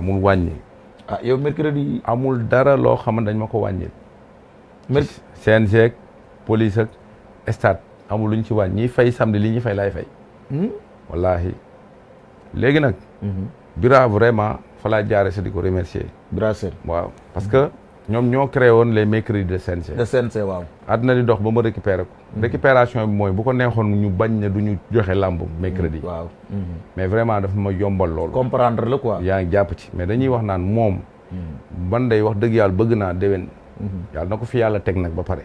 amul wàññi. a ah, yow mercredi. amul dara loo xam ne dañ ma ko wàññil. merci CNG ak police ak amul lu ñu ci wàññi ñiy fay samedi li ñuy fay lay fay. Hmm? wallaahi léegi nag. Hmm. Bira vraiment fa laa jaaree di ko remercier. Bira Sène waaw parce ñoom ñoo créé woon les mercredis de CNG. de CNG waaw. àddina di dox ba mu récupéré ko. Mm-hmm. récupération bi mooy bu ko neexoon ñu bañ ne du ñu joxe làmb mercredi. Mm-hmm. waaw. Mm-hmm. mais vraiment dafa ma yombal loolu. comprendre la quoi. yaa ngi jàpp ci mais dañuy wax naan moom. man day wax dëgg yàlla bëgg naa déwén. yàlla na ko fi yàlla teg nag ba pare.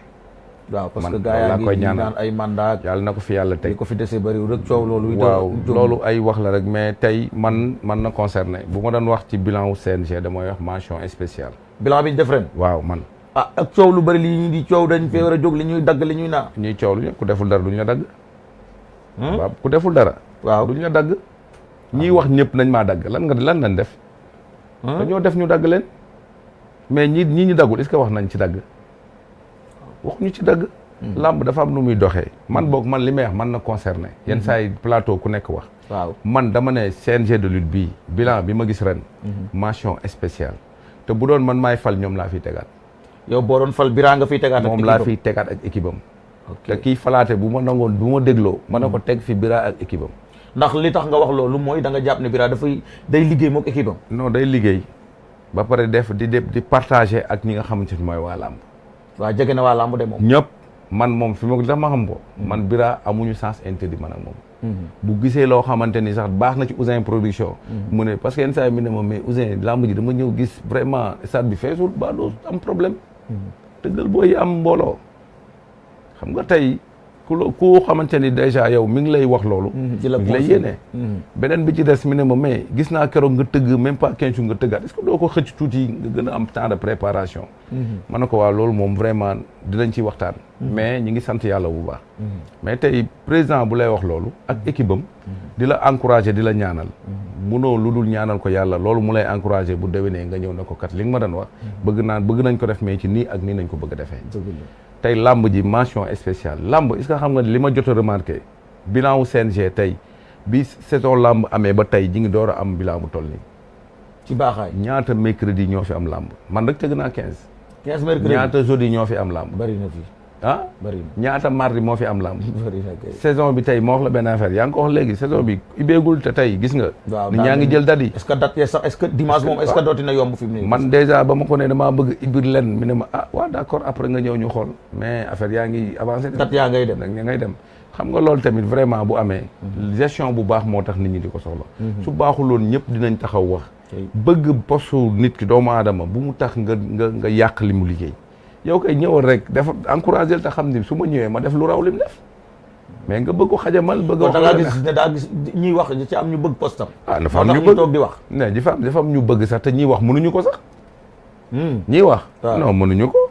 waaw parce que gars yaa ngi naan ay mandat yàlla na ko fi yàlla teg ko fi dese bëriwul rek coow loolu. waaw loolu ay wax la rek mais tey man man na concerné bu ma doon wax ci bilan wu CNG damay wax mention spéciale. bilan bi ñu def ren. waaw man. ah ak coow lu bëri li ñuy di coow dañ fee war a jóg li ñuy dagg li ñuy naa. ñuy coow lu ñu ku deful dara du ñu la dagg. Hmm? waaw ku deful dara. waaw du ñu la dagg. Ah. ñiy wax ñëpp nañ maa dagg lan nga lan lañ def. Hmm? dañoo def ñu dagg leen. mais ñi ñi ñu daggul est-ce que wax nañ ci dagg. waxuñu ci dagg hmm. làmb dafa am nu muy doxee. man boog man li may wax man na concerné. Hmm. yenn saa yi plateau ku nekk wax. waaw man dama ne CNG de lutte bii bilan bi ma gis ren. Hmm. mention spéciale. te bu doon man maay fal ñoom laa fi tegaat. yow boo doon fal biraa nga fiy tegaat ak moom laa fiy tegaat ak équipe am. te kii falaate bu ma nangoon bu ma dégloo. ma ne ko teg fi biraa ak équipe ndax li tax nga wax loolu mooy danga nga jàpp ne biraa dafay day liggéey moo équipe am. day liggéey ba pare def di di partager ak ñi nga xamante ni mooy waa làmb. waaw jege na waa làmb de moom. man moom fi ma ko li tax ma xam ko. Hmm. man Bira amuñu sens interdit man ak moom. Hmm. bu sax na ci Ouzin production. Hmm. mu ne parce que yenn saa yi mu mais Ouzin làmb ji dama ñëw gis vraiment stade bi feesul ba am problème. am xam nga ku ko xamante ni déjà yow mi ngi lay wax loolu. Mhm, ci la mi ngi lay yéene. Mhm. beneen bi ci des mi ne ma mais gis naa keroog nga tëgg même pas quinze nga tëggaat est-ce que doo ko xëcc tuuti nga gën a am temps de préparation. Mhm. ma ne ko waa loolu moom vraiment dinañ ci waxtaan. mais ñi ngi sant yàlla bu baax. mais tey président bu lay wax loolu. ak équipe am. di la encourager di la ñaanal. munoo lu dul ñaanal ko yàlla loolu mu lay encouragé bu déwénee nga ñëw na ko kat li nga ma daan wax mm-hmm. bëgg naan bëgg nañ ko def mee ci nii ak nii nañ ko bëgg defee tey làmb ji mention spéciale làmb est-ce que xam nga li ma jot a remarqué bilan wu CNG tey bi saison làmb amee ba tey ji ngi door a am bilan bu toll nii ci baaxaay ñaata mercredi ñoo fi am làmb man rek tëgg naa quinze quinze mercredi ñaata jeudi ñoo fi am làmb bari na fi ah bëri na ñaata mardi fi am lamb bëri na saison bi tey moo wax la benn affaire yaa ko wax léegi saison bi ibéegul te tey gis nga ni ñaa jël dat yi est-ce que dat yi ya sax est-ce que dimanche moom est-ce que dooti yomb fi mu man déjà ba ma ko ne damaa bëgg ibir len mi ne ma ah waaw d'accord après nga ñëw ñu xool mais affaire yaa ngi avancé dat ngay dem nag ngay dem xam nga loolu tamit vraiment bu amee mhm. gestion bu baax moo nit ñi di ko soxla mhm. su baaxuloon ñëpp dinañ taxaw wax bëgg posu nit ki doomu adama bu mu tax nga nga nga yàq liggéey yow kay ñëwal rek def encouragé te xam ni su ma ñëwee ma def lu raw lim def mais nga bëgg ko xajamal bëgg wax ne daa gis ñuy wax ci am ñu bëgg postam ah dafa am ñu di wax ne dafa am dafa am ñu bëgg sax te ñiy wax mënuñu ko sax hmm. ñiy wax mënuñu ko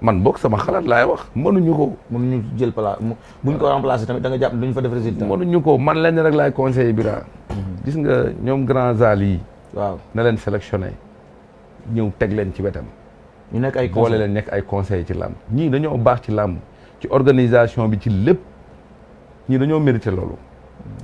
man boog sama xalaat laay wax mënuñu ko mënuñu jël place buñ ko remplacé tamit da nga jàpp duñ fa def résultat mënuñu ko man lenn rek laay conseillé bira hmm. gis nga ñoom grand zal yi waaw na leen sélectionné ñëw teg leen ci wetam ñu nekk ay boole leen nekk ay conseil ci lam ñii dañoo baax ci làmb ci organisation bi ci lépp ñii dañoo mérité loolu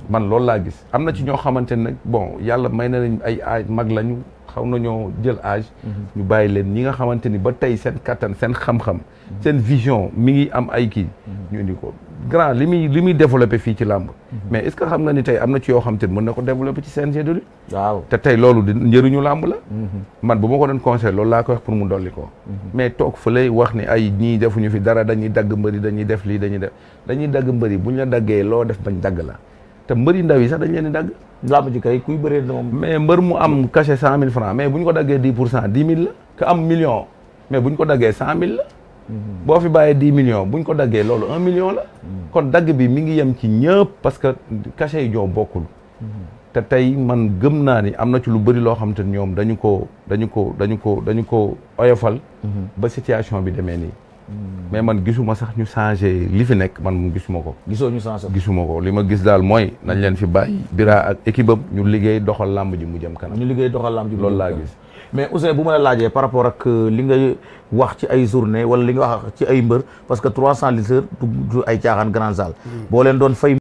man loolu laa gis am na ci ñoo xamante ne bon yàlla may na leen ay âge mag lañu xaw na ñoo jël âge. Mhm. ñu bàyyi leen ñi nga xamante ni ba tey seen kattan seen xam-xam. Mhm. seen vision mi ngi am ay kii. Mhm. ñu indi ko grand li li muy développé fii ci làmb mais est-ce que xam nga am na ci yoo xam te mën na ko développé ci CNG de lutte waaw loolu di njëriñu làmb la mhm. man bu ma ko doon conseil loolu la ko wax pour mu dolli ko mhm. mais toog fële wax ni ay ñii ñu fi dara dañuy dagg mbëri dañuy def lii dañuy def dañuy dagg mbëri buñ la daggee loo def bañ dagg la te mbëri ndaw yi sax dañ leen di dagg làmb ji kay kuy bëree mais mbër mu am cachet cent mille francs mais bu ñu ko daggee dix pour cent dix mille la ka am million ko daggee cent mille boo fi bàyyee million bu ñu ko daggee loolu un million la. kon dagg bi mi ngi yem ci ñëpp parce que cachet yi ñoo bokkul. te tey man gëm naa ni am na ci lu bëri loo xam te ñoom dañu ko dañu ko dañu ko dañu ko oyofal. ba situation bi demee nii. mais man gisuma sax ñu changé li fi nekk man mu gisuma ko. gisoo ñu changé gisuma ko li ma gis daal mooy nañ leen fi bàyyi. Bira ak équipe ñu liggéey doxal làmb ji mu jëm kanam. ñu liggéey doxal làmb ji loolu laa gis. mais Ousseyn bu ma la laajee par rapport ak euh, li nga wax ci ay journée wala li nga wax ci ay mbër parce que trois cent litres du ay caaxaan grand salle hmm. boo leen doon